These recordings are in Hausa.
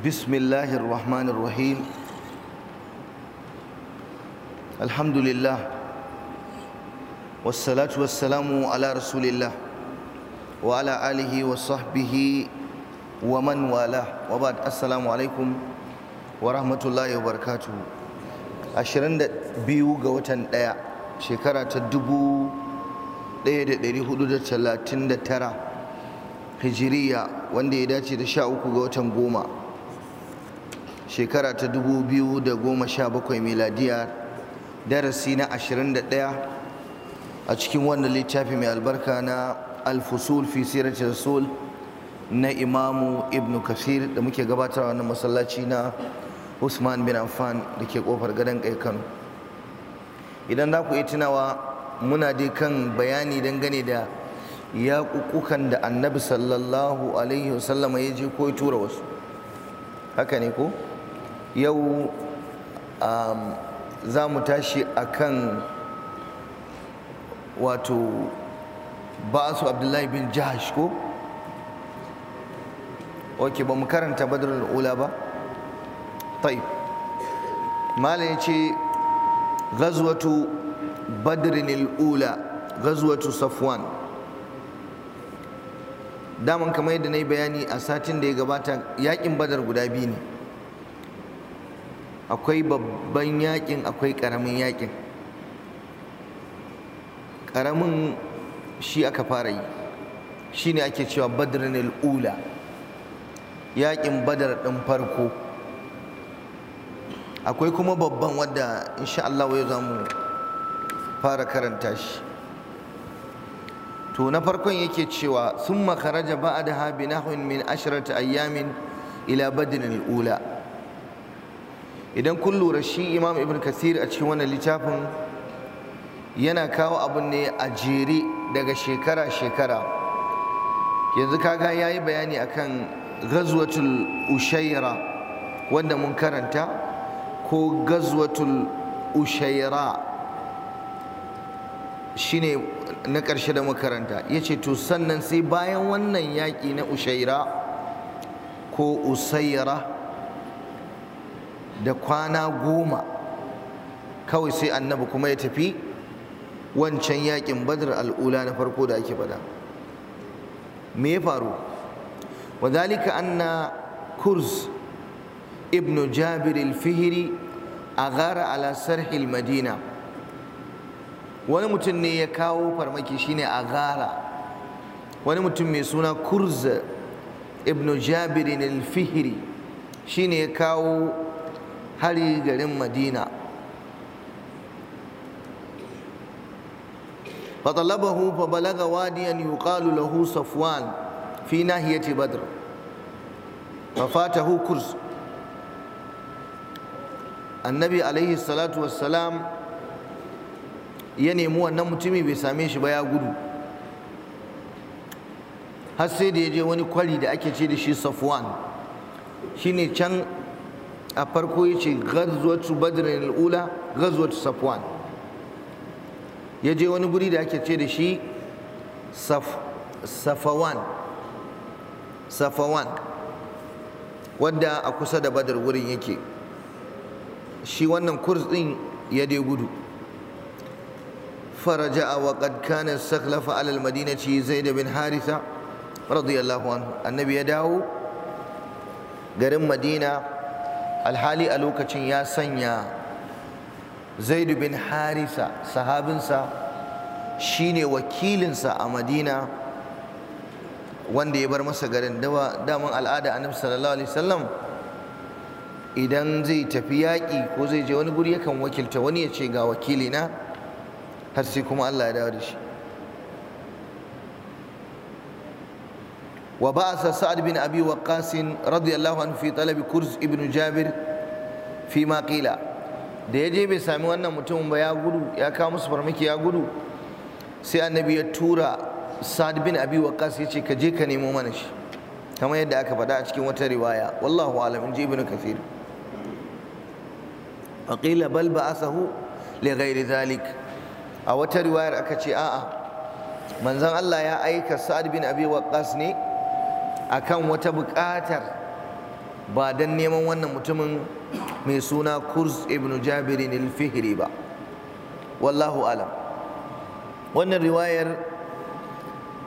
بسم الله الرحمن الرحيم الحمد لله والصلاة والسلام على رسول الله وعلى آله وصحبه ومن والاه وبعد السلام عليكم ورحمة الله وبركاته ashirin da biyu ga watan ɗaya shekara ta dubu ɗaya da ɗari hudu da talatin da tara hijiriya wanda ya dace da sha uku ga watan goma shekara ta 2017 miladiya darasi na 21 a cikin wannan littafi mai albarka na alfusul fi sirati rasul na imamu ibn kafir da muke gabatarwa wannan masallaci na usman bin affan da ke kofar gadon kai kano idan za ku iya tunawa muna dai kan bayani dangane da yaƙuƙukan da annabi sallallahu alaihi wasallama ya je ko ya tura wasu haka ne ko? yau um, za mu tashi a kan wato ba'asu abdullahi bin jahash ko ok ba mu karanta badrul ula ba طيب مالا ce, gazuwatu بدر ula, gazuwatu Safwan. daman kamar yadda na yi bayani a satin da ya gabata yakin badar guda biyu ne akwai babban yakin akwai ƙaramin yakin ƙaramin shi aka fara yi shi ne ake cewa badrin ula yakin badar ɗin farko akwai kuma babban wadda insha Allah ya za mu fara karanta shi to na farkon yake cewa sun makaraja a da habi nahun min ashirata ayyamin ila badrin ula. idan kun lura shi imam ibn kasir a cikin wannan littafin yana kawo abin ne a jere daga shekara-shekara yanzu kaga ya yi bayani akan gazwatul ushaira wanda mun karanta ko gazwatul ushaira shine na ƙarshe da makaranta ya ce to sannan sai bayan wannan yaƙi na ushaira ko usaira da kwana goma kawai sai annabi kuma ya tafi wancan yakin badr al'ula na farko da ake faɗa me ya faru wadhalika anna kurz ibn jabir al-fihri aghara ala sarhi madina wani mutum ne ya kawo farmaki shine aghara wani mutum mai suna kurz ibn jabir al-fihri shine ya kawo hari garin madina fatalabahu fa balaga wadiyan yuqalu lahu safwan fi nahiyati badr fa fatahu kurs annabi alaihi salatu wassalam ya nemi wannan mutumi bai same shi ba ya gudu har sai da ya je wani kwari da ake ce da shi safwan shine can a farko ya ce ghazwatu badrin al'ula ghazwatu safwan ya je wani guri da ake ce da shi safawan safawan wadda a kusa da badar wurin yake shi wannan kurs din ya dai gudu فرجع وقد saklafa alal على المدينة زيد بن حارثة رضي الله عنه ya dawo garin Madina alhali a lokacin ya sanya zaidu bin harisa sahabinsa shine wakilinsa a madina wanda ya bar masa garin daman al'ada annabi sallallahu alaihi wasallam idan zai tafi yaƙi ko zai je wani guri yakan wakilta wani ya ce ga wakilina har sai kuma allah ya dawo da shi وبعث سعد بن أبي وقاص رضي الله عنه في طلب كرز ابن جابر فيما قيل da ya je bai sami wannan mutumin ba ya gudu ya kawo musu farmaki ya gudu sai annabi ya tura sa'ad bin abi waqas ya ce ka je ka nemo mana shi kamar yadda aka faɗa a cikin wata riwaya wallahu alam in ji ibnu kathir wa qila bal ba'athahu li ghairi zalik a wata riwayar aka ce a'a manzon Allah ya aika sa'ad bin abi waqas ne akan wata buƙatar ba don neman wannan mutumin mai suna kurs ibn jabirin al-fihri ba wallahu alam wannan riwayar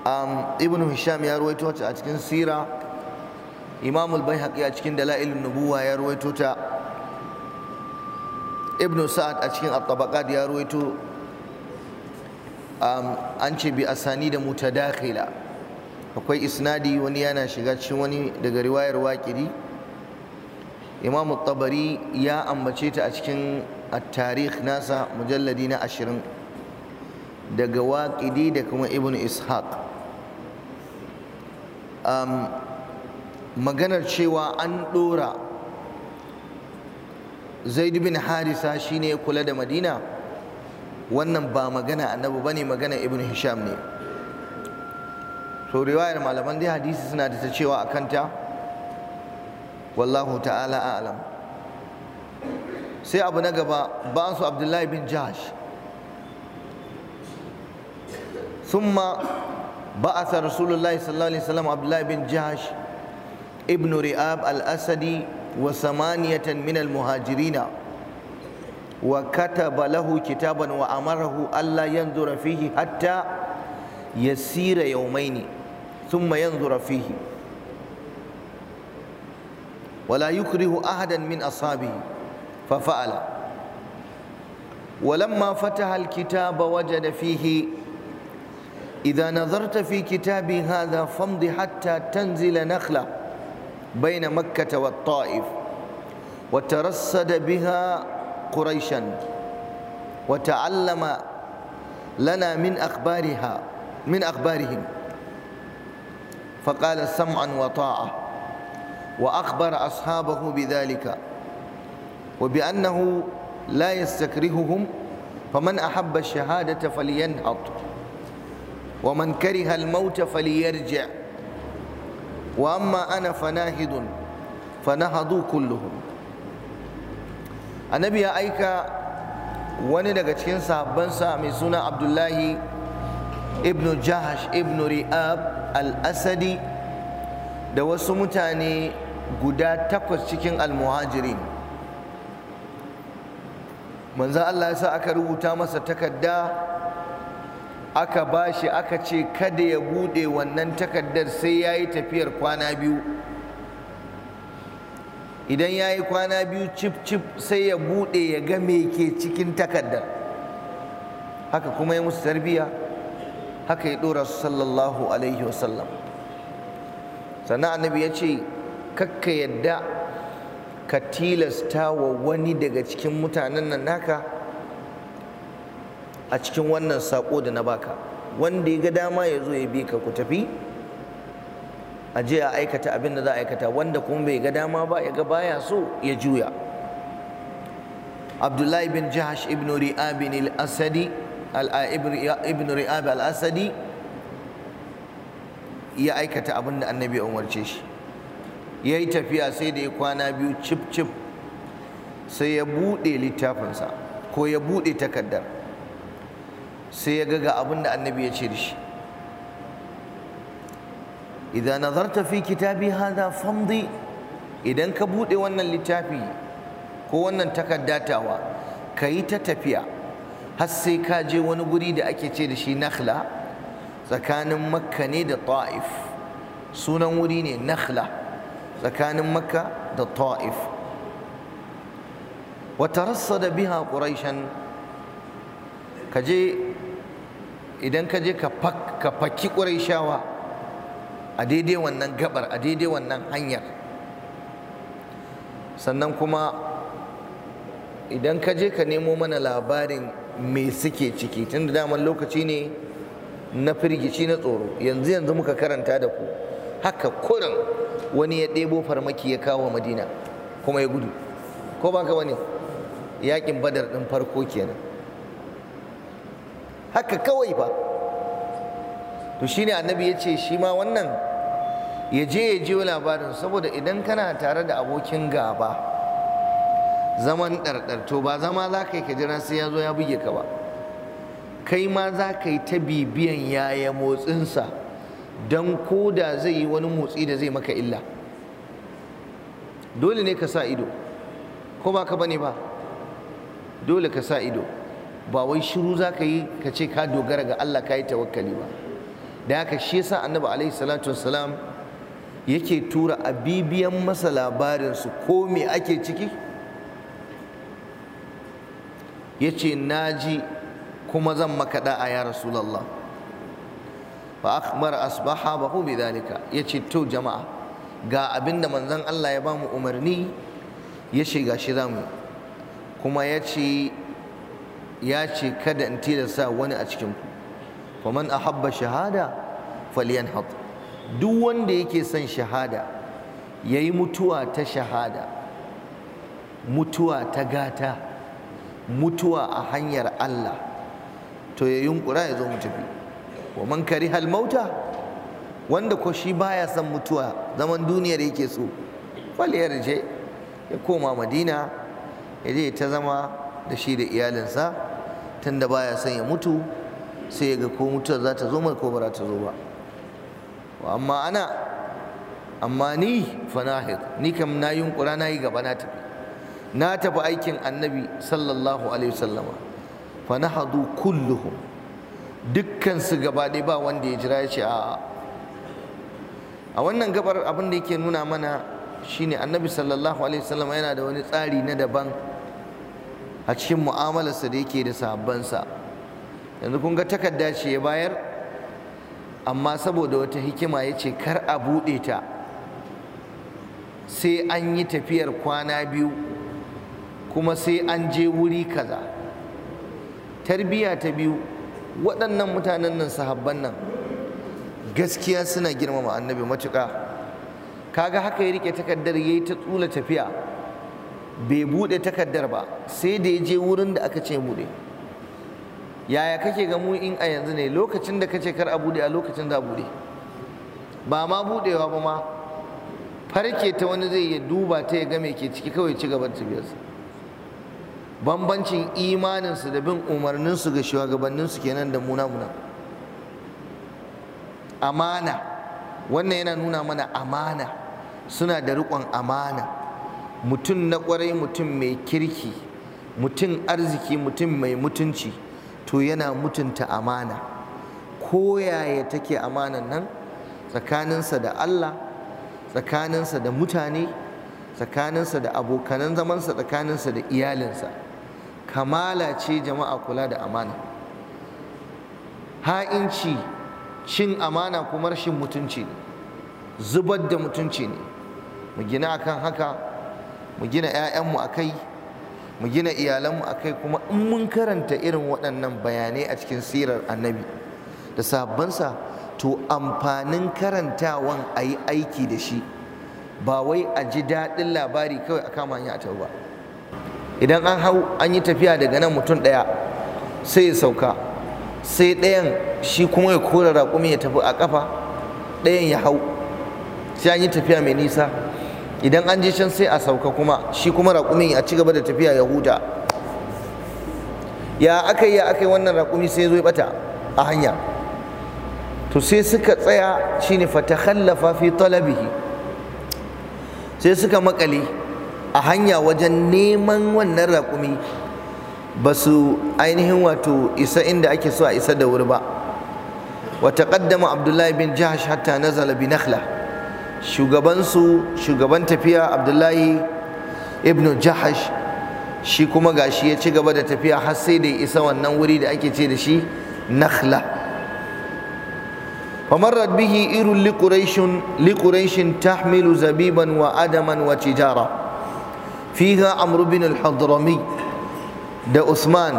um, ibn hisham ya ruwaito ta a cikin sira imam al a cikin Dala'il nubuwa ya ruwaito ta ibn sa'ad a cikin at-tabaqat ya ruwaito um, an ce bi asani da mutadakhila akwai isnadi wani yana shiga cikin wani daga riwayar waƙiri imam tabari ya ambace ta a cikin at-tarikh nasa mujalladi na ashirin daga waƙidi da kuma ibn ishaq maganar cewa an ɗora zaid bin harisa shine ya kula da madina wannan ba magana annabi bane magana ibn hisham ne so riwayar malaman dai hadisi suna da ta cewa a kanta wallahu ta'ala a'lam sai abu na gaba ba'an abdullahi bin jahash summa ba'asa rasulullahi sallallahu alaihi wasallam abdullahi bin jahash ibnu ri'ab al-asadi wa samaniyatan min muhajirina wa kataba lahu kitaban wa amarahu alla yanzura fihi hatta yasira yawmaini ثم ينظر فيه ولا يكره أحدا من أصحابه ففعل ولما فتح الكتاب وجد فيه إذا نظرت في كتابي هذا فامض حتى تنزل نخلة بين مكة والطائف وترصد بها قريشا وتعلم لنا من أخبارها من أخبارهم فقال سمعا وطاعة وأخبر أصحابه بذلك وبأنه لا يستكرههم فمن أحب الشهادة فلينهض ومن كره الموت فليرجع وأما أنا فناهض فنهضوا كلهم النبي أيك wani daga cikin من سنه عبد الله Ibnu jahash ibnu ri'ab al-asadi da wasu mutane guda takwas cikin almuhajirin manzan Allah ya sa aka rubuta masa takarda aka bashi aka ce kada ya bude wannan takardar sai ya yi tafiyar kwana biyu idan ya yi kwana biyu cif cif sai ya bude ya ga me ke cikin takardar haka kuma ya musu tarbiyya haka ya dora su sallallahu alaihi wasallam sannan annabi ya ce kakka yadda ka tilasta wa wani daga cikin mutanen nan naka a cikin wannan saƙo da na baka wanda ya ga dama ya zo ya bi ka ku tafi a je aikata abin da za a aikata wanda kuma bai ga dama ba ya ga baya so ya juya abdullahi bin jahash ibn ri'abin al-asadi ibn ri'ab al-asadi ya aikata abin da annabi ya umarce shi ya yi tafiya sai da ya kwana biyu cif cif sai ya buɗe littafinsa ko ya buɗe takardar sai ya gaga abin da annabi ya ce da shi idan nazarta fi kitabi hada famdi idan ka buɗe wannan littafi ko wannan takardatawa, ka yi ta tafiya har sai ka je wani guri da ake ce da shi nakhla tsakanin makka ne da ta'if sunan wuri ne nakhla tsakanin makka da ta'if wata da biha ƙuraishan ka je idan ka je ka faki ƙuraishawa a daidai wannan gabar a daidai wannan hanyar sannan kuma idan ka je ka nemo mana labarin me suke ciki tunda daman lokaci ne na firgici na tsoro yanzu yanzu muka karanta da ku haka kurin wani ya ɗebo farmaki ya kawo madina kuma ya gudu ko ba ka wani yakin badar ɗin farko kenan haka kawai ba to shi ne annabi ya ce shi ma wannan ya je ya jiyo labarin saboda idan kana tare da abokin gaba zaman ɗarɗar to ba zama za ka yi ka jira sai ya zo ya buge ka ba kai ma za ka yi ta bibiyan yaya motsinsa don ko da zai yi wani motsi da zai maka illa dole ne ka sa ido ko ba ka bane ba dole ka sa ido ba wai shiru za ka yi ka ce ka dogara ga Allah ka yi tawakkali ba da haka shi yasa annabi alaihi salatu wassalam yake tura a bibiyan masa labarinsu ko me ake ciki Ya ce na ji kuma zan maka da'a ya rasulullah fa akhbara asbahabahu bidhalika ce to jama'a ga abinda manzon Allah ya bamu umarni ya shiga shi zamu kuma yace ya ce kada in tilasta wani a cikin ku a ahabba shahada falyanhad duk wanda yake son shahada yayi mutuwa ta shahada mutuwa ta gata mutuwa a hanyar Allah to ya yunkura ya zo mu tafi wa man karihal mauta wanda ko shi baya son mutuwa zaman duniyar yake so ya rije ya koma madina ya je ta zama da shi da iyalinsa tunda baya son ya mutu sai ya ga ko mutuwar za ta zo mai ko ba ta zo ba amma ana amma ni fanahir ni kam na yunkura na yi gaba na tafi na tafi aikin annabi sallallahu alaihi wasallama fa nahadu kulluhum dukkan su gaba ɗaya ba wanda ya jira ya a a wannan gabar abin da yake nuna mana shine annabi sallallahu alaihi wasallama yana da wani tsari na daban a cikin mu'amalarsa da yake da sahabbansa yanzu kun ga takarda ce ya bayar amma saboda wata hikima ya ce kar a buɗe ta sai an yi tafiyar kwana biyu kuma sai an je wuri kaza tarbiya ta biyu waɗannan mutanen nan sahabban nan gaskiya suna girmama annabi matuƙa kaga haka ya rike takardar yayi ta tsula tafiya bai buɗe takardar ba sai da ya je wurin da aka ce buɗe yaya kake ga mu in a yanzu ne lokacin da kace kar a buɗe a lokacin da buɗe ba ma buɗewa ba ma farke ta wani zai ya duba ta ya ga me ke ciki kawai ci gaban tafiyarsa bambancin imaninsu da bin umarninsu ga shugabanninsu kenan da muna amana wannan yana nuna mana amana suna da riƙon amana mutum na kwarai mutum mai kirki mutum arziki mutum mai mutunci to yana mutunta amana Ko yaya take amanan nan tsakaninsa da Allah tsakaninsa da mutane tsakaninsa da abokanan zamansa tsakaninsa da iyalinsa kamala ce jama'a kula da amana ha'inci cin amana kuma rashin mutunci ne zubar da mutunci ne mu gina akan haka mu gina 'ya'yanmu a kai mu gina iyalanmu a kai kuma in mun karanta irin waɗannan bayanai a cikin sirar annabi da sabonsa, to amfanin karantawan a yi aiki da shi ba wai a ji daɗin labari kawai a kama hanya a ba idan an hau an yi tafiya daga nan mutum ɗaya sai ya sauka sai ɗayan shi kuma ya kora raƙumi ya tafi a ƙafa ɗayan ya hau sai an yi tafiya mai nisa idan an je can sai a sauka kuma shi kuma raƙumin a ci gaba da tafiya ya huta ya aka yi ya aka yi wannan raƙumi sai ya zo bata a hanya to sai suka tsaya shine fatakhallafa fi talabihi sai suka makale a hanya wajen neman wannan raƙumi ba su ainihin wato isa inda ake so a isa da wuri ba wa taqaddama abdullahi bin jahash hatta nazala bi nakhla shugabansu shugaban tafiya abdullahi ibn jahash shi kuma gashi ya ci gaba da tafiya har sai da isa wannan wuri da ake ce da shi nakhla فمرت به إير لقريش لقريش تحمل زبيبا وأدما وتجارة fiha amr bin al-hadrami da usman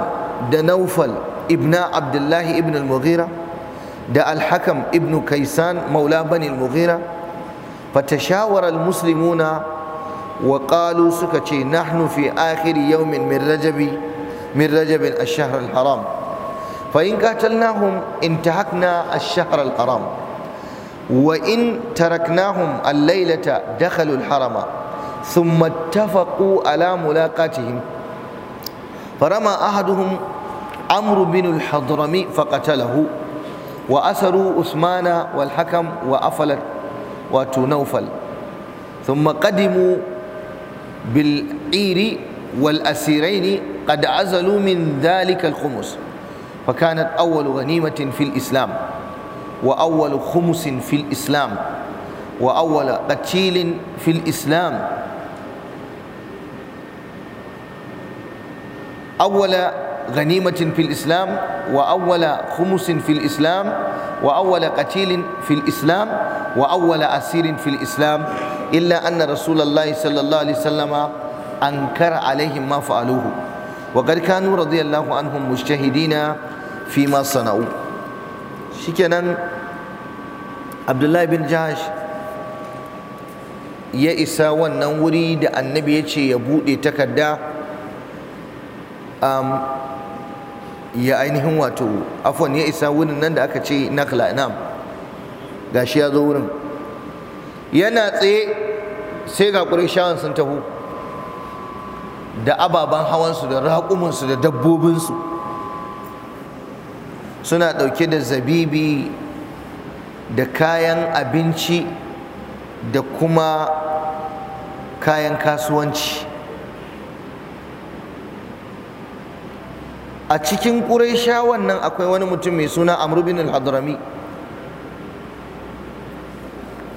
da naufal ibna abdullahi ibn al-mughira da al-hakam ibn kaisan maula bani al-mughira fatashawara al-muslimuna wa qalu suka ce nahnu fi akhir yawmin min rajabi min rajabin a shahr al-haram fa in qatalnahum intahakna ash-shahr al-haram wa in taraknahum al-laylata dakhalu al-harama ثم اتفقوا على ملاقاتهم فرمى أحدهم عمرو بن الحضرمي فقتله وأسروا عثمان والحكم وأفلت وتنوفل ثم قدموا بالعير والأسيرين قد عزلوا من ذلك الخمس فكانت أول غنيمة في الإسلام وأول خمس في الإسلام وأول قتيل في الإسلام awwala ganimatin fil islam wa awwala fil islam wa awwala qatilin fil islam wa awwala asirin fil islam illa anna rasulullahi sallallahu alaihi wasallama ankara alaihim ma fa'aluhu wa qad kanu radiyallahu anhum mujtahidina fi ma sana'u shikenan abdullahi bin jahash ya isa wannan wuri da annabi ya ce ya buɗe takarda Um, ya ainihin wato afon ya isa wurin nan da aka ce nakla ga gashi ya zo wurin yana tsaye sai ga ƙurishawan sun taho da ababen hawansu da raƙuminsu da dabbobinsu suna ɗauke da zabibi da kayan abinci da kuma kayan kasuwanci a cikin ƙuraishawan nan akwai wani mutum mai suna amr bin al-hadrami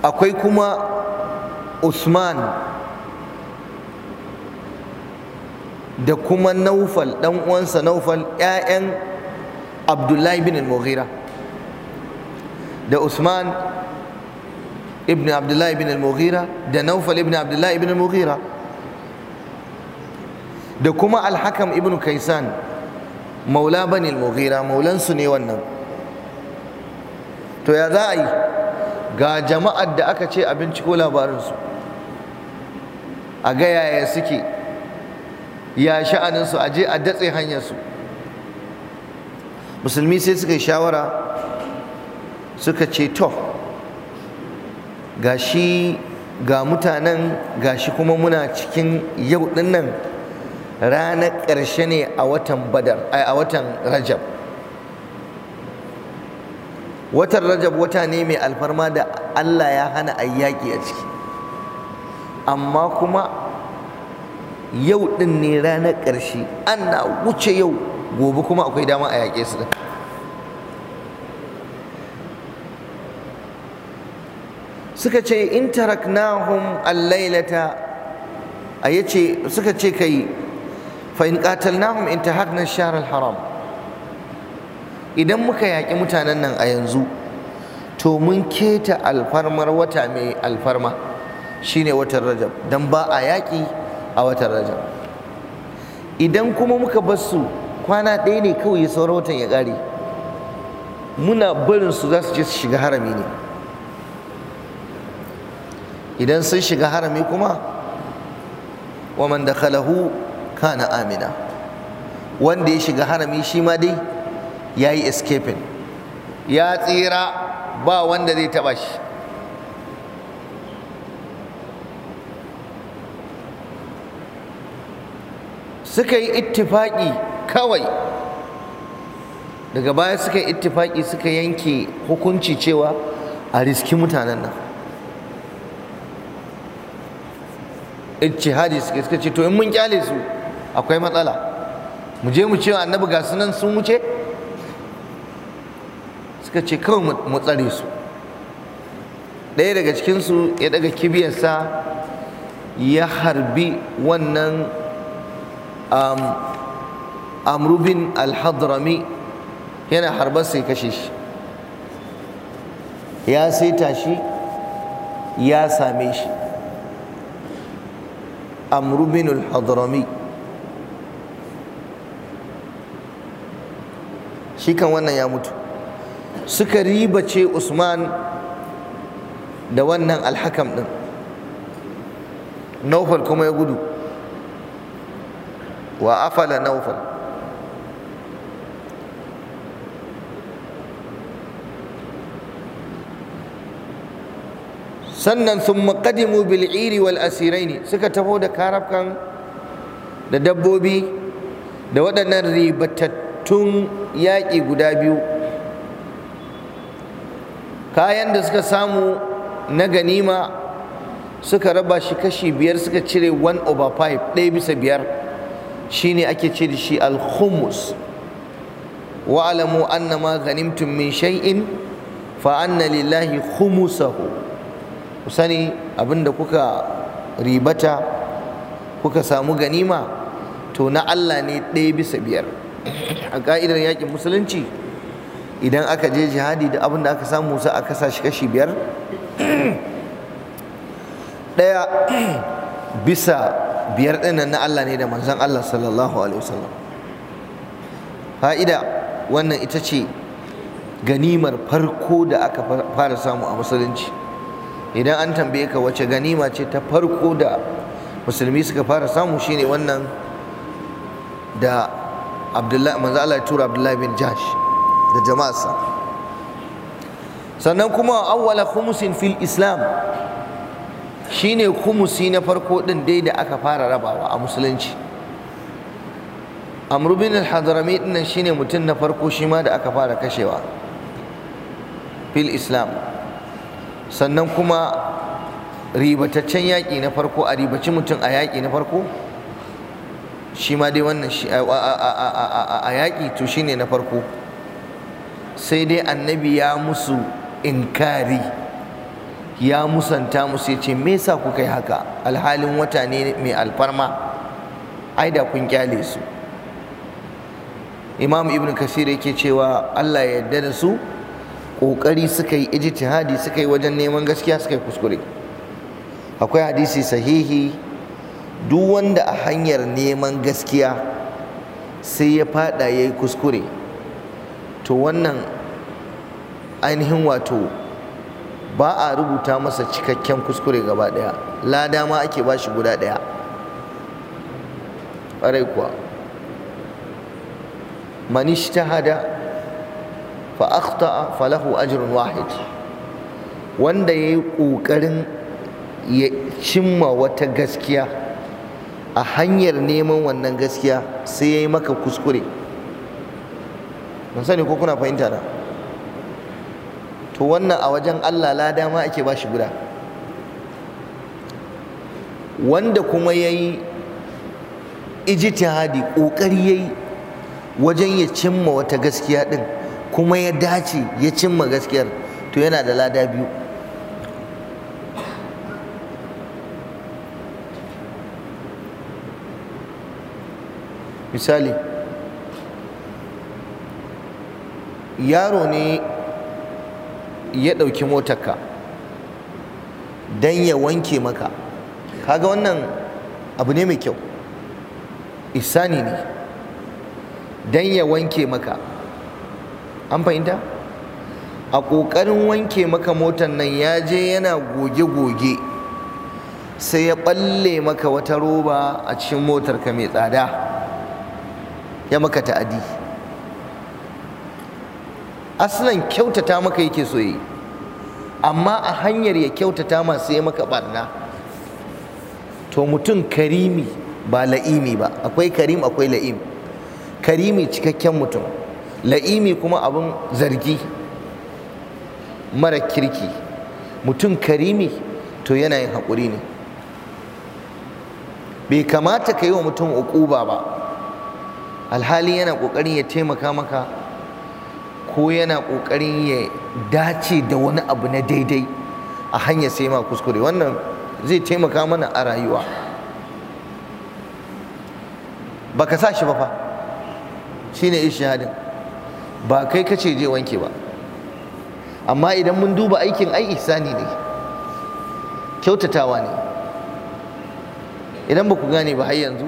akwai kuma usman da kuma naufal dan uwansa naufal ƴaƴan abdullahi bin al-mughira da usman ibn abdullahi bin al-mughira da naufal ibn abdullahi bin al-mughira da kuma al-hakam ibn kaisan maula bani al-mughira maulansu ne wannan to ya za a yi ga jama'ar da aka ce a binciko labarinsu? a ga yaya suke ya sha'aninsu a je a datse hanyarsu. musulmi sai suka yi shawara suka ce to ga shi ga mutanen ga shi kuma muna cikin yau dinnan. ranar ƙarshe ne a watan badar eh, a watan rajab watan rajab wata ne mai alfarma da Allah ya hana a yaƙi a ciki amma kuma yau ɗin ne ranar ƙarshe ana wuce yau gobe kuma akwai dama a yaƙe su suka ce in taraknahum allailata a yace suka ce kai fa'in qatalnahum inta ta shahr sharar haram idan muka yaƙi mutanen nan a yanzu to mun keta alfarmar wata mai alfarma shine watan rajab don ba a yaƙi a watan rajab idan kuma muka bar su kwana ɗaya ne kawai ya sauran watan ya ƙare muna barin su za su je su shiga harami ne idan sun shiga harami kuma wa man dakhalahu kana amina wanda ya shiga harami shi ma dai ya yi escaping ya tsira ba wanda zai taba shi suka yi ittifaƙi kawai daga baya suka yi ittifaƙi suka yanke hukunci cewa a riski mutanen nan ittihadi suka ce to in mun kyale su akwai matsala mu je mu ce annabi ga sunan sun wuce suka ce kawai mu tsare su ɗaya daga cikinsu ya daga kibiyarsa ya harbi wannan amrubin alhadrami yana harbar sai kashe shi ya saita shi ya same shi amrubin alhadrami shi kan wannan ya mutu suka ribace usman da wannan alhakam din naufal kuma ya gudu wa afala naufal sannan sun maƙadimu bil'iri asirai ne suka taho da karafkan da dabbobi da waɗannan ribatattu Tun yaƙi guda biyu kayan da suka samu na ganima suka raba shi kashi biyar suka cire 1 over 5 ɗaya bisa biyar shine ake ce da shi al-khumus wa'alamu ma ganimtum min shay'in fa anna lillahi khumusahu ku sani abinda kuka ribata kuka samu ganima to na Allah ne ɗaya bisa biyar a ka'idar yakin musulunci idan aka je jihadi da abin da aka samu sa a sa shi kashi biyar ɗaya bisa biyar ɗin na Allah ne da manzon Allah sallallahu alaihi wasallam fa'ida wannan ita ce ganimar farko da aka fara samu a musulunci idan an tambaye ka wace ganima ce ta farko da musulmi suka fara samu shine wannan da abdullahi manzo Allah ya tura abdullahi bin jash da jama'arsa sannan kuma awwala khumusin fil islam shine khumusi na farko din dai da aka fara rabawa a musulunci amr bin al-hadrami din shine mutum na farko shi ma da aka fara kashewa fil islam sannan kuma ribataccen yaƙi na farko a ribaci mutum a yaƙi na farko shi ma dai wannan a yaƙi to shine na farko sai dai annabi ya musu inkari ya musanta musu ya ce me yasa kuka yi haka alhalin wata ne mai alfarma ai da kun kyale su imam ibn kasir yake cewa allah ya yarda da su ƙoƙari suka yi hadi suka yi wajen neman gaskiya suka yi kuskure akwai hadisi sahihi duk wanda a hanyar neman gaskiya sai ya fada ya yi kuskure to wannan ainihin wato ba a rubuta masa cikakken kuskure gaba daya lada ma ake ba shi guda daya ƙwarai kuwa ta hada fa a falahu ajirin wahid wanda ya yi ƙoƙarin ya cimma wata gaskiya a hanyar neman wannan gaskiya sai ya yi maka kuskure ban sani ko kuna fahimta na to wannan a wajen Allah lada ma ake ba shi guda wanda kuma ya yi ijtihadi ƙoƙari ya yi wajen ya cimma wata gaskiya ɗin kuma ya dace ya cimma gaskiyar to yana da lada biyu misali yaro ne ya ɗauki motarka don ya wanke maka kaga wannan abu ne mai kyau isani ne don ya wanke maka an fahimta a ƙoƙarin wanke maka motar nan ya je yana goge-goge sai ya ɓalle maka wata roba a cikin motarka mai tsada ya maka ta'adi aslan kyautata maka yake so yi amma a hanyar ya kyautata masu ya maka barna to mutum karimi ba la'imi ba akwai karim akwai la'im karimi cikakken mutum la'imi kuma abin zargi mara kirki mutum karimi to yana yin haƙuri ne bai kamata ka yi wa mutum ba ba alhali yana ƙoƙarin ya taimaka maka ko yana ƙoƙarin ya dace da wani abu na daidai a hanyar sai ma kuskure wannan zai taimaka mana a rayuwa ba ka sa shi ba fa shi ne ishihadin ba kai kace je wanke ba amma idan mun duba aikin ai ihsani ne kyautatawa ne idan ba ku gane ba har yanzu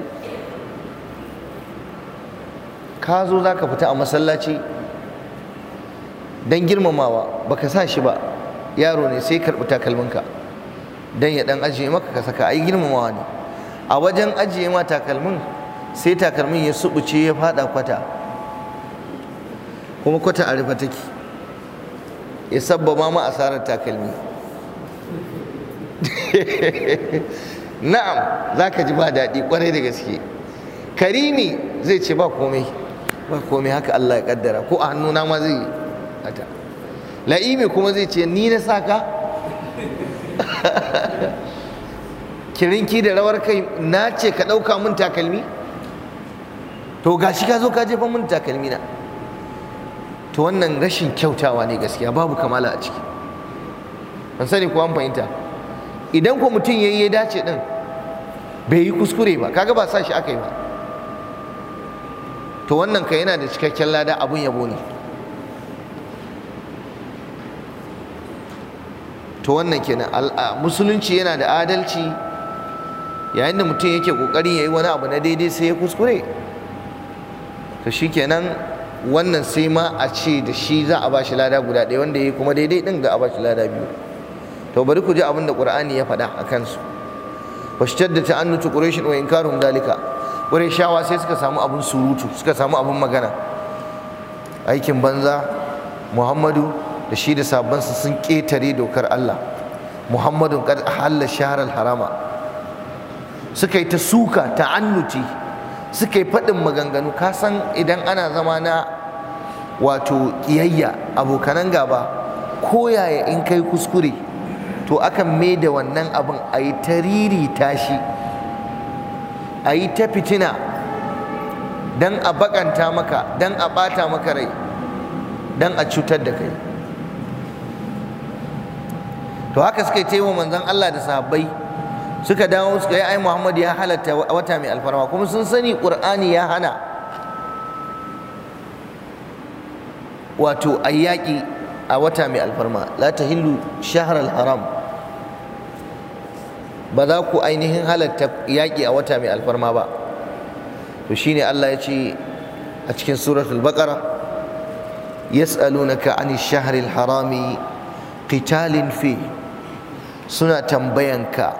ka zo za ka fita a masallaci don girmamawa ba ka sa shi ba yaro ne sai karɓi takalminka don ya ɗan ajiye maka ka saka yi girmamawa ne a wajen ajiye ma takalmin sai takalmin ya suɓuce ya faɗa kwata kuma kwata a rufe take ya sabbaba ma asarar takalmi na'am za ka ji ba daɗi ƙwarai da gaske karimi zai ce ba komai ba komai haka Allah ya kaddara ko a hannuna ma zai ata la'imi kuma zai ce ni na saka kirinki da rawar kai na ce ka ɗauka mun takalmi to gashi ka zo ka jefa mun takalmi na to wannan rashin kyautawa ne gaskiya babu kamala a ciki an sani ko an fahimta idan ko mutum ya yi ya dace din bai yi kuskure ba kaga ba sa shi aka yi ba to wannan ka yana da cikakken lada abun yabo ne to wannan kenan musulunci yana da adalci yayin da mutum yake kokarin yayi wani abu na daidai sai ya kuskure to shikenan wannan sai ma a ce da shi za a bashi lada guda ɗaya wanda yayi kuma daidai din ga a bashi lada biyu to bari ku ji abin da Qur'ani ya faɗa akan su washtadda ta'annutu quraish wa inkarum dalika Wurin shawa sai suka samu abin surutu suka samu abin magana aikin banza muhammadu da shi da sabansa sun ƙetare dokar allah muhammadun kad halla shaharar harama suka yi ta suka ta annuti suka yi faɗin maganganu ka san idan ana zama na wato ƙiyayya abokanan gaba koyaya in kai kuskure to akan mai da wannan abin a yi tariri tashi a yi ta fitina don a bakanta maka don a bata maka rai don a cutar da kai to haka suka yi wa manzon Allah da sahabbai suka dawo suka yi ai Muhammad ya halatta wata mai alfarma kuma sun sani Qur'ani ya hana wato ayyaki a wata mai alfarma la tahillu shahr al-haram ba za ku ainihin halatta yaƙi a wata mai alfarma ba to shine Allah ya ce a cikin suratul baqara yas'alunaka 'ani shahril harami qitalin fi suna tambayanka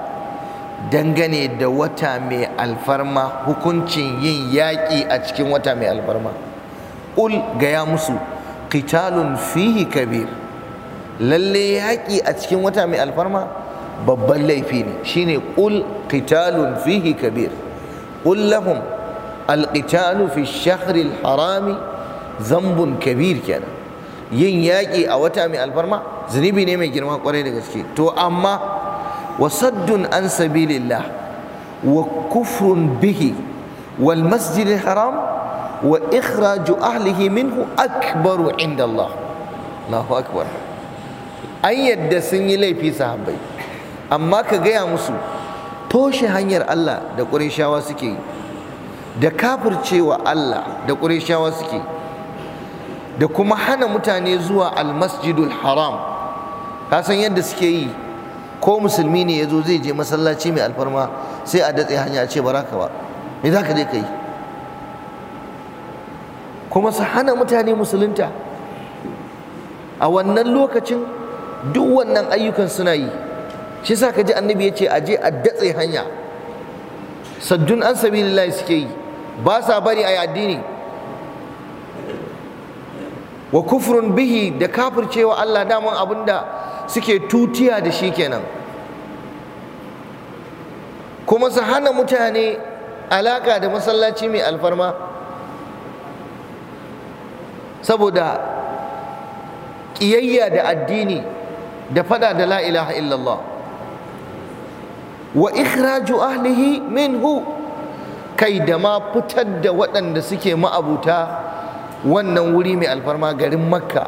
dangane da wata mai alfarma hukuncin yin yaƙi a cikin wata mai alfarma ul gaya musu qitalun fihi kabir lalle yaƙi a cikin wata mai alfarma babban laifi ne shine qul qitalun fihi kabir qul lahum alqitalu fi shahril harami zambun kabir kenan yin yaƙi a wata mai alfarma zunubi ne mai girma kwarai da gaske to amma saddun an sabilillah wa kufrun bihi wal masjidil haram wa ikhraju ahlihi minhu akbaru inda Allah Allahu akbar an yadda sun yi laifi sahabbai amma ka gaya musu toshe hanyar Allah da shawa suke yi, da kafircewa Allah da shawa suke da kuma hana mutane zuwa almasjidul haram ka san yadda suke yi ko musulmi ne ya zo zai je masallaci mai alfarma sai a datse hanya a ce baraka ba me za ka je ka yi kuma su hana mutane musulunta a wannan lokacin duk wannan ayyukan suna yi shi yasa ka ji annabi ya ce a je a datse hanya saddun an sabilillahi suke yi ba sa bari a yi addini wa kufrun bihi da kafircewa Allah daman abinda suke tutiya da shi kenan kuma su hana mutane alaka da masallaci mai alfarma saboda ƙiyayya da addini da fada da la ilaha illallah wa ikhraju ahlihi minhu kai da ma fitar da waɗanda suke ma'abuta wannan wuri mai alfarma garin makka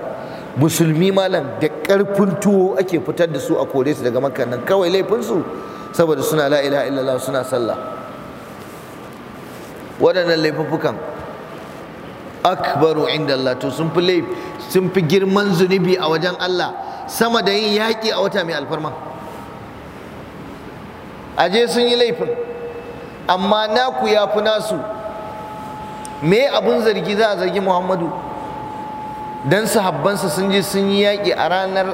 musulmi malam da ƙarfin tuwo ake fitar da su a kore su daga makka nan kawai laifinsu saboda suna la ilaha illallah suna sallah waɗannan laifuffukan akbaru inda Allah to sun fi sun fi girman zunubi a wajen Allah sama da yin yaƙi a wata mai alfarma aje sun yi laifin amma naku ya fi nasu me abun zargi za a zargi muhammadu don sahabbansa sun je sun yi yaƙi a ranar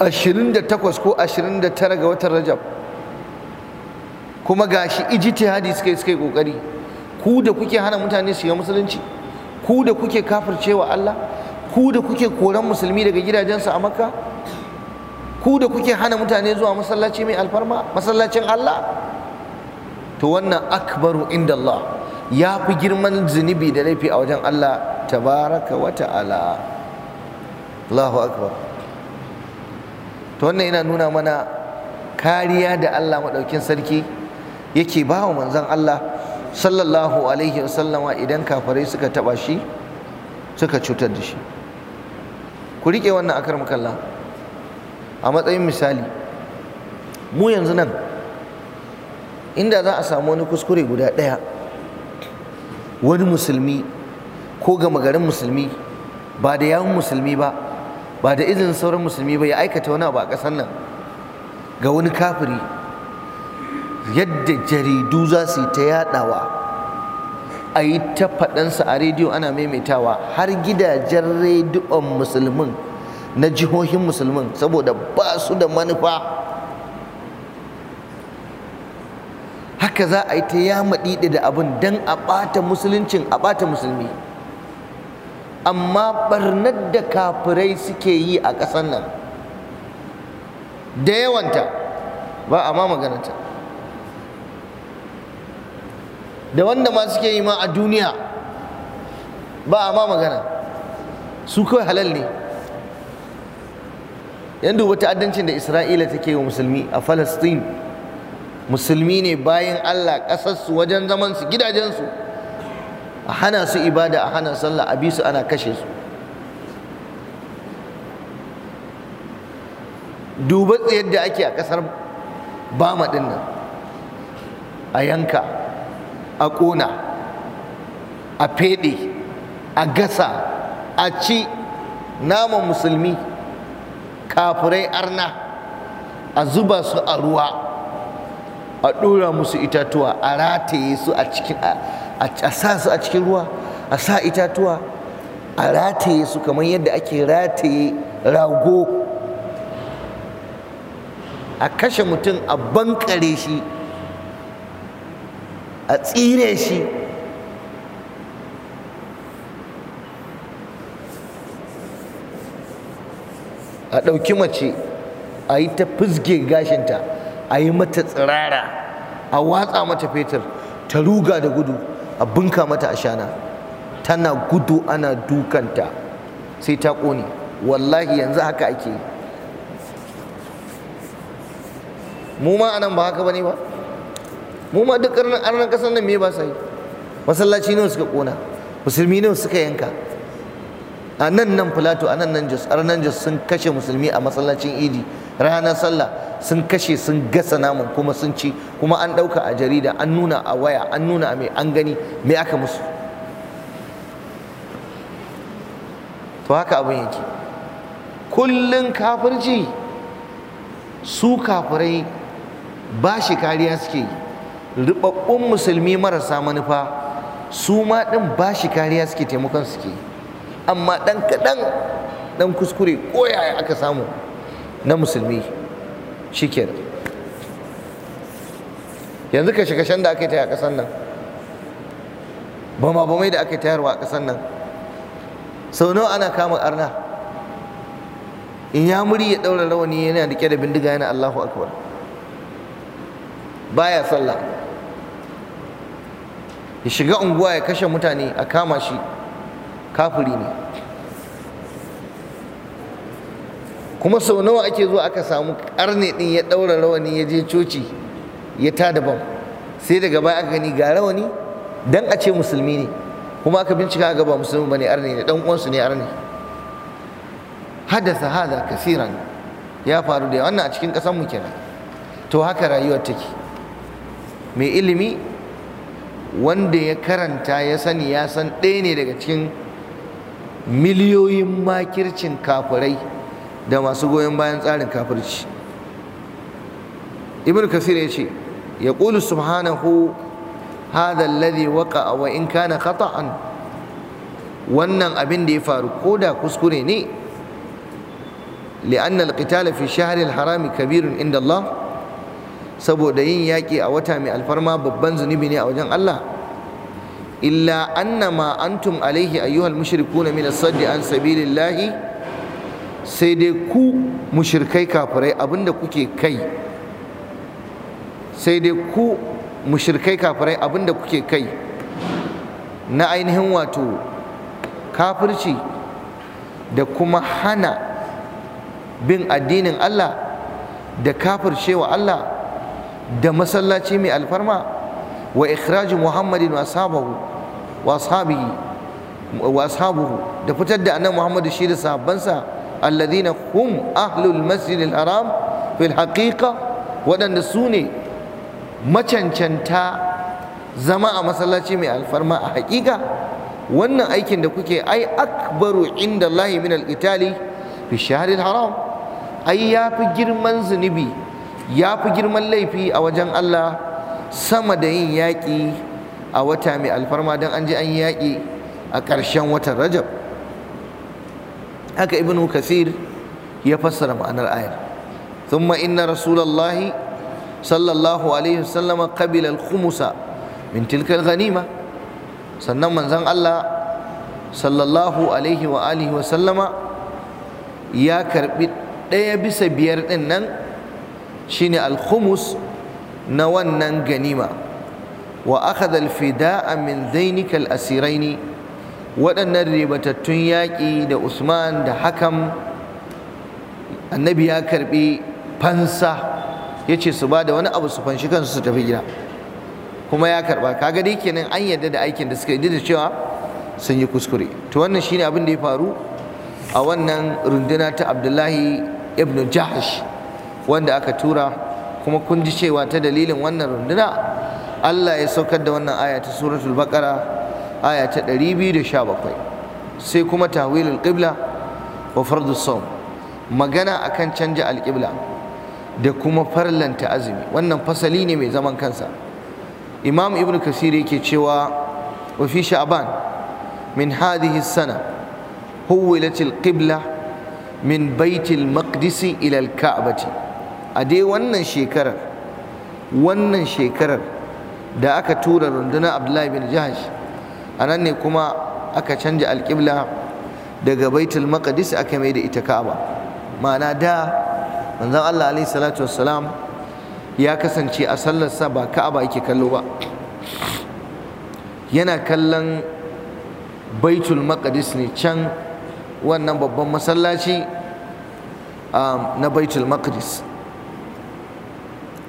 28 ko 29 ga watan rajab kuma gashi ijtihadi suka yi suka yi kokari ku da kuke hana mutane su yi musulunci ku da kuke kafircewa Allah ku da kuke koran musulmi daga gidajensu a makka ku da kuke hana mutane zuwa masallaci mai alfarma masallacin Allah to wannan akbaru inda Allah ya fi girman zunubi da laifi a wajen Allah tabaraka wa ta'ala Allahu akbar to wannan yana nuna mana kariya da Allah maɗaukin sarki yake ba wa manzon Allah sallallahu alaihi wasallama idan kafirai suka taɓa shi suka cutar da shi ku riƙe wannan akar mukalla a matsayin misali mu yanzu nan inda za a samu wani kuskure guda ɗaya wani musulmi ko gama garin musulmi ba da yawun musulmi ba ba da izinin sauran musulmi ba ya aikata wani abu a ƙasar nan ga wani kafiri yadda jaridu za su yi ta yaɗawa a yi ta faɗansa a rediyo ana maimaitawa har gidajen rediyon musulmin na jihohin musulmin saboda ba su da manufa haka za a yi ta yama da abin don a ɓata musuluncin a ɓata musulmi amma ɓarnar da kafirai suke yi a ƙasar nan da yawanta ba a ma maganata da wanda ma suke yi ma a duniya ba a ma magana su kawai halal ne yan duba ta'addancin da isra'ila take wa musulmi a Falasɗin, musulmi ne bayan allah ƙasarsu wajen zamansu gidajensu a hana su ibada a hana sallah a bisu ana kashe su duba yadda ake a ƙasar bama ɗin nan a yanka a ƙona a feɗe a gasa a ci naman musulmi kafurai arna a zuba su a ruwa a ɗora musu itatuwa a rataye su a cikin a sa su a cikin ruwa a sa itatuwa a rataye su kamar yadda ake rataye rago a kashe mutum a bankare shi a tsire shi a ɗauki mace a yi ta fizge gashinta a yi mata tsirara a watsa mata fetur ta ruga da gudu a binka mata a shana tana gudu ana dukanta sai ta ƙone wallahi yanzu haka ake yi mu ma anan ba haka bane ba mu ma duk arnan ƙasar nan me ba sa yi masallaci nawa suka ƙona? musulmi nawa suka yanka a nan nan filato a nan nan jos a nan jos sun kashe musulmi a masallacin idi ranar sallah sun kashe sun gasa namun kuma sun ci kuma an ɗauka a jarida an nuna a waya an nuna a mai an gani me aka musu to haka abin yake kullum kafirci su kafirai ba shi kariya suke yi musulmi marasa manufa su ma ɗin ba shi kariya suke taimakon suke yi amma ɗan kaɗan ɗan kuskure ko yaya aka samu na musulmi shikenan yanzu ka shiga shan da aka yi ta a ƙasar nan bama mai da aka yi tayarwa a ƙasar nan sau nawa ana kama arna in ya muri ya ɗaura rawani yana da da bindiga yana Allahu akbar baya sallah ya shiga unguwa ya kashe mutane a kama shi kafiri ne kuma sau nawa ake zuwa aka samu karne din ya daura rawani ya je coci ya ta bam sai daga baya aka gani ga rawani dan a ce musulmi ne kuma aka bincika ga ba musulmi bane arne ne dan uwansu ne arne hadasa hada kasiran ya faru da wannan a cikin kasan mu kenan to haka rayuwar take mai ilimi wanda ya karanta ya sani ya san ɗaya ne daga cikin miliyoyin makircin kafirai da masu goyon bayan tsarin kafirci ibn kasir ya ce ya ƙulu subhanahu hadha alladhi waqa'a wa in kana khata'an wannan abin da ya faru ko da kuskure ne li'anna al-qitala fi shaharar harami kabirun inda Allah saboda yin yaƙi a wata mai alfarma babban zunubi ne a wajen Allah illa annama antum alaihi ayyuhal mushrikuna min as an sabilillahi sai dai ku mushrikai kafirai abinda kuke kai sai dai ku mushrikai kafirai abinda kuke kai na ainihin wato kafurci da kuma hana bin addinin Allah da kafircewa Allah da masallaci mai alfarma wa ikhraju muhammadin da fitar da annabi muhammadu shi da sahabbansa alladhina hum ahlul masjidil haram fil haqiqa waɗanda su ne macancanta zama a masallaci mai alfarma a haƙiƙa wannan aikin da kuke ai akbaru inda Allahi Itali alƙitali fi shaharil haram ai ya fi girman zunubi ya fi girman laifi a wajen Allah sama da yin yaƙi a wata mai alfarma don an ji an yi yaƙi a ƙarshen watan rajab haka ibnu kasir ya fassara ma'anar ayar thumma inna rasulallahi sallallahu alaihi wasallam qabila al-khumsa min tilka al-ghanima sannan manzon Allah sallallahu alaihi wa alihi wasallama ya karbi ɗaya bisa biyar ɗin nan shine al-khumus na wannan ganima wa akhadha al-fida'a min dhainika al waɗannan ribatattun yaƙi da Usman da hakan annabi ya karɓi fansa ya ce su ba da wani abu su fanshi kansu su tafi gida kuma ya karɓa kaga dai kenan an yarda da aikin da suka yi da cewa sun yi kuskure to wannan shine abin da ya faru a wannan runduna ta Abdullahi ibn Jahash wanda aka tura kuma kun ji cewa ta dalilin wannan runduna Allah ya saukar da wannan aya ta suratul baqara aya ta 217 sai kuma tawilul qibla wa fardus sawm magana akan canja alqibla da kuma farlanta azumi wannan fasali ne mai zaman kansa imam ibn kasir yake cewa wa fi sha'ban min hadhihi sana huwilat alqibla min baitil maqdisi ila alka'bati a dai wannan shekarar wannan shekarar da aka tura rundunar abdullahi bin jahash a nan ne kuma aka canja alƙibla daga baitul maqdis aka mai da ita ka'aba ma'ana da manzon Allah alaihi salatu wassalam ya kasance a sallarsa ba ka'aba yake kallo ba yana kallon baitul maqdis ne can wannan babban masallaci um, na baitul maqdis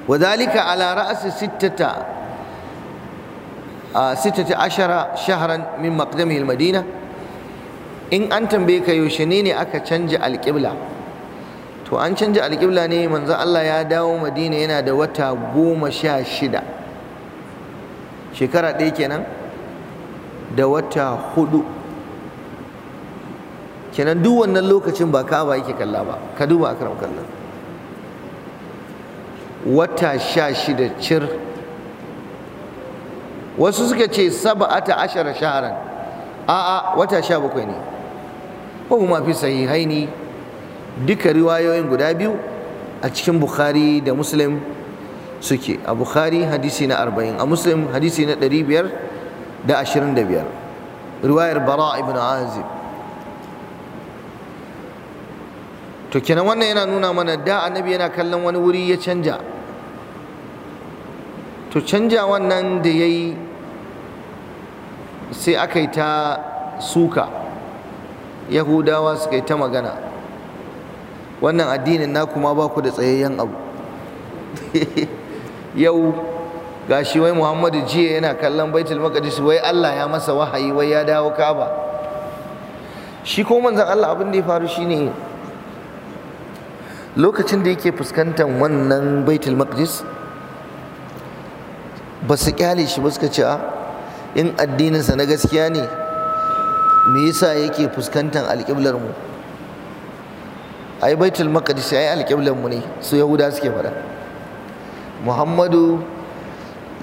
Wazalika على رأس ستة ستة عشر شهرا من in an tambaye ka yaushe ne ne aka canza alƙibla to an canja alƙibla ne manzo Allah ya dawo Madina yana da wata goma sha shida shekara ɗaya kenan da wata hudu kenan duk wannan lokacin ba ka ba yake kalla ba ka duba akram kallon wata sha shida cir wasu suka ce ta ashara shaharan a'a wata sha bakwai ne ko kuma fi sahihaini duka riwayoyin guda biyu a cikin bukhari da muslim suke a bukhari hadisi na arba'in a muslim hadisi na ɗari biyar da ashirin da biyar riwayar bara ibn azib to kenan wannan yana nuna mana da annabi yana kallon wani wuri ya canja to canja wannan da ya yi sai aka yi ta suka yahudawa suka yi ta magana wannan addinin na kuma ba ku da tsayayyen abu yau gashi wai muhammadu jiya yana kallon baitul maqdis wai allah ya masa wahayi wai ya dawo kaba shi ko manzon allah abin da ya faru shine lokacin da yake fuskantar wannan baitul maqdis ba su kyale shi ba suka ce a in addininsa na gaskiya ne me yasa yake fuskantar alƙiblar mu ai baitul maqdis ai alƙiblar mu ne su yahuda suke faɗa muhammadu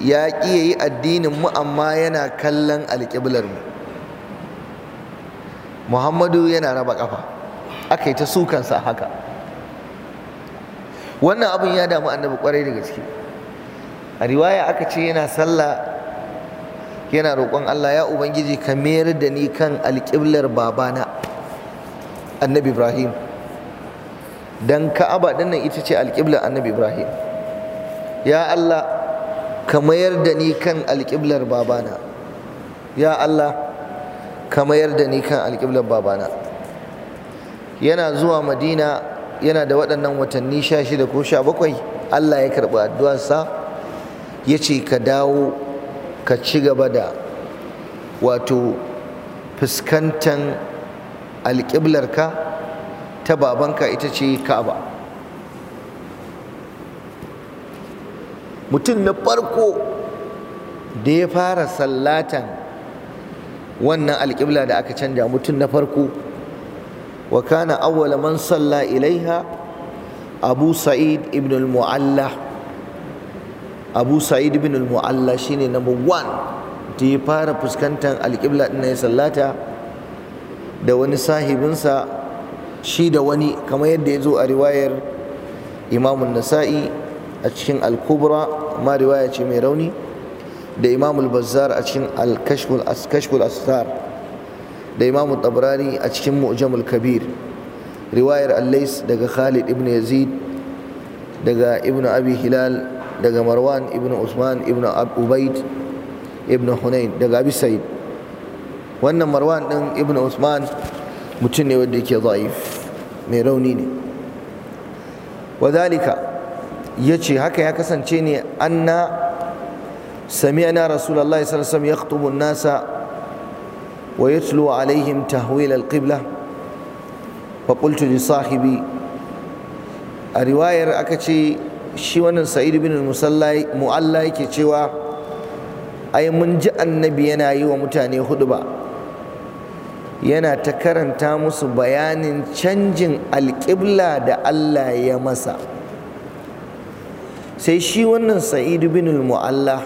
ya ƙi yi addinin mu amma yana kallon alƙiblar mu muhammadu yana raba ƙafa aka yi ta sukansa haka wannan abin ya damu annabi kwarai da gaske a riwaya aka ce yana sallah yana roƙon Allah ya ubangiji ka mayar da ni kan alƙiblar babana annabi Ibrahim dan ka'aba din nan ita ce alƙiblar annabi Ibrahim ya Allah ka mayar da ni kan alƙiblar babana ya Allah ka mayar da ni kan alƙiblar babana yana zuwa Madina yana da waɗannan watanni 16 ko 17 Allah ya karɓi addu'arsa ya ce ka dawo ka ci gaba da wato fuskantan alƙiblarka ta babanka ita ce ka'aba mutum na farko da ya fara sallatan wannan alƙibla da aka canja mutum na farko wa kana awwala man salla ilaiha abu sa'id ibn al-mu'alla abu sa'id bin al-mu'alla shine number one da ya fara fuskantar alƙibla din ya sallata da wani sahibinsa shi da wani kamar yadda ya zo a riwayar an nasa'i a cikin al-kubra ma riwaya ce mai rauni da imamul bazzar a cikin al-kashful Asrar da imamul tabrani a cikin mu'jamul kabir riwayar allais daga khalid ibn yazid daga ibn abi hilal daga marwan ibn usman ibn ubaid ibn hunain daga abi wannan marwan ɗin ibn usman mutum ne wanda yake za'if mai rauni ne Wa wadhalika yace haka ya kasance ne anna sami'na rasulullahi sallallahu alaihi wasallam yakhtubu an-nasa wa yatlu alaihim tahwil al-qibla fa qultu li sahibi a riwayar aka ce shi wannan sa'id bin mu'alla yake cewa ai mun ji annabi yana yi wa mutane hudu ba yana ta karanta musu bayanin canjin alƙibla da Allah ya masa sai shi wannan sa'id bin mu'alla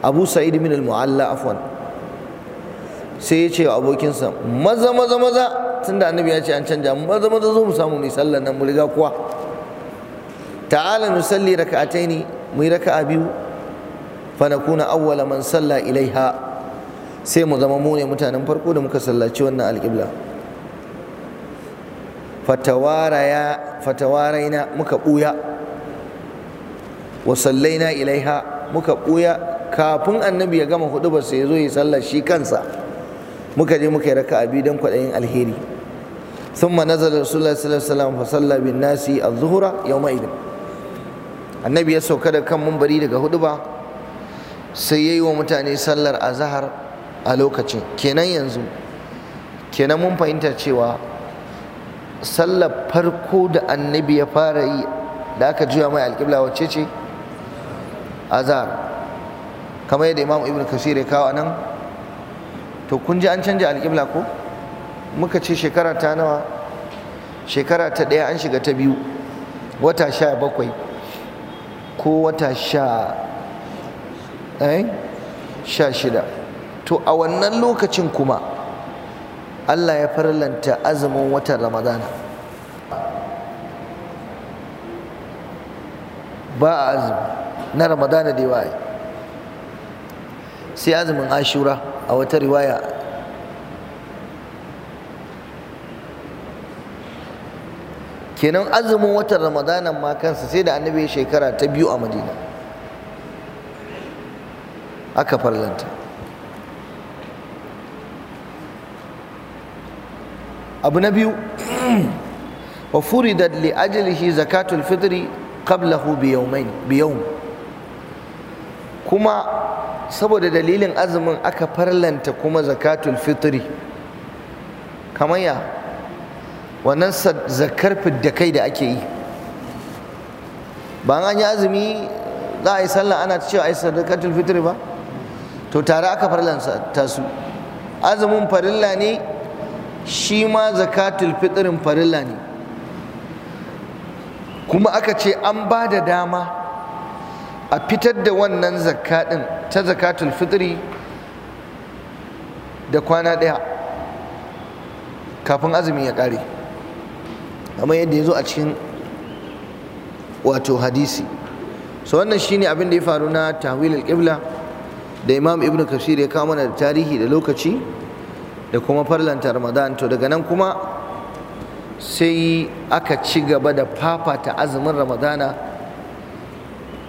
abu sa'id bin mu'alla afwan sai ya ce wa abokinsa maza maza maza tunda annabi ya ce an canja maza maza zo mu samu mu sallan nan mu riga kuwa ta'ala nusalli raka'ataini mu yi a biyu fa nakuna awwala man salla ilaiha sai mu zama mu mutanen farko da muka sallaci wannan alƙibla fatawaraina muka buya wa ilaiha muka buya kafin annabi ya gama hudubar sai ya zo ya sallar kansa muka je biyu don kwaɗayin alheri ثم نزل رسول الله صلى الله عليه وسلم فصلى بالناس الظهر يومئذ annabi ya sauka da kan mumbari daga hudu ba sai ya yi wa mutane sallar azahar a lokacin kenan yanzu kenan mun fahimta cewa sallar farko da annabi ya fara yi da aka juya mai alƙibla wacce ce azahar kamar yadda imam ibn kasir ya kawo nan to kun ji an canja alƙibla ko muka ce shekara ta nawa shekara ta ɗaya an shiga ta biyu wata sha bakwai ko wata sha eh, sha shida to a wannan lokacin kuma Allah ya farlanta azumin watan ramadana ba a azumi na ramadana da yawa sai azumin ashura a wata riwaya kenan azumin watan ramadanan ma kansa sai da annabi shekara ta biyu a madina aka farlanta abu na biyu wa furidat li ajlihi zakatul fitri qablahu bi yawmain kuma saboda dalilin azumin aka farlanta kuma zakatul fitri kamar ya wannan zakar fiddakai da ake yi ba an yi azumi za a yi sallah ana cewa ai sadaqatul fitr ba to tare aka farlanta su azumin farilla ne shi ma zakatul fitrin farilla ne kuma aka ce an ba da dama a fitar da wannan zakadin ta zakatul fitri da kwana ɗaya kafin azumi ya ƙare kamar yadda ya zo a cikin wato hadisi so wannan shine abin da ya faru na tahwil al-qibla da imam ibnu kafsir ya kawo mana da tarihi da lokaci da kuma farlanta ramadan to daga nan kuma sai aka ci gaba da fafata azumin ramadana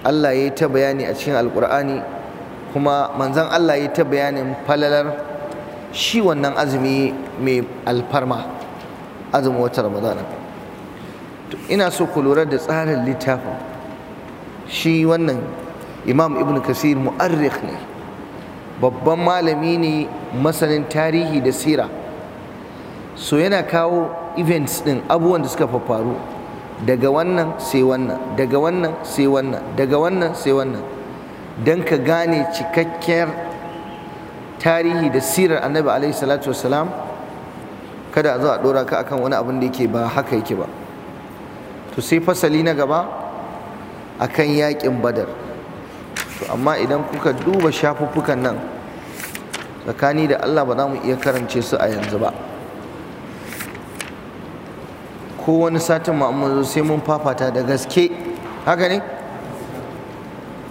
Allah ya yi ta bayani a cikin alkur'ani kuma manzan Allah ya yi ta bayanin falalar shi wannan azumi mai alfarma azumin wata ramadana ina so ku lura da tsarin littafin shi wannan imam ibn kasir mu'arrikh ne babban malami ne masanin tarihi da sira so yana kawo events din abubuwan da suka faru daga wannan sai wannan daga wannan sai wannan daga wannan sai wannan don ka gane cikakkiyar tarihi da sirar annabi alaihi salatu wasalam kada a zo a dora ka akan wani abin da yake ba haka yake ba to sai fasali na gaba akan yakin badar to amma idan kuka duba shafuffukan nan tsakani da Allah ba za mu iya karance su a yanzu ba ko wani satin ma'amuzo sai mun fafata da gaske haka ne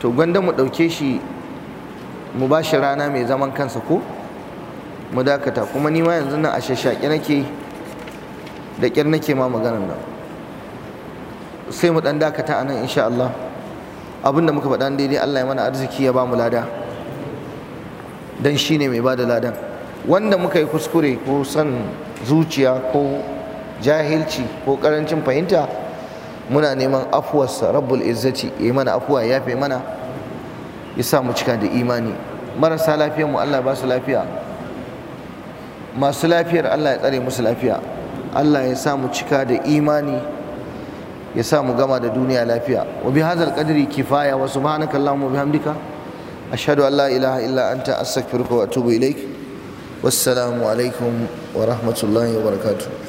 to gwanda mu ɗauke shi mu ba shi rana mai zaman kansa ko mu dakata kuma ni ma yanzu nan a shashaƙe nake da ƙyar nake ma maganar nan sai mu dan dakata anan insha Allah abinda muka faɗa daidai Allah ya mana arziki ya ba mu lada dan shine mai bada da ladan wanda muka yi kuskure ko san zuciya ko jahilci ko karancin fahimta muna neman afuwarsa rabbul izzati ya mana afuwa ya fi mana ya sa mu cika da imani marasa lafiyar mu Allah ba su lafiya masu lafiyar Allah ya tsare musu lafiya Allah ya sa mu cika da imani ya sa mu gama da duniya lafiya wa bi hadzal qadri kifaya wa subhanaka allahumma wa bihamdika ashhadu an la ilaha illa anta astaghfiruka wa atubu ilaik wassalamu alaikum wa rahmatullahi wa barakatuh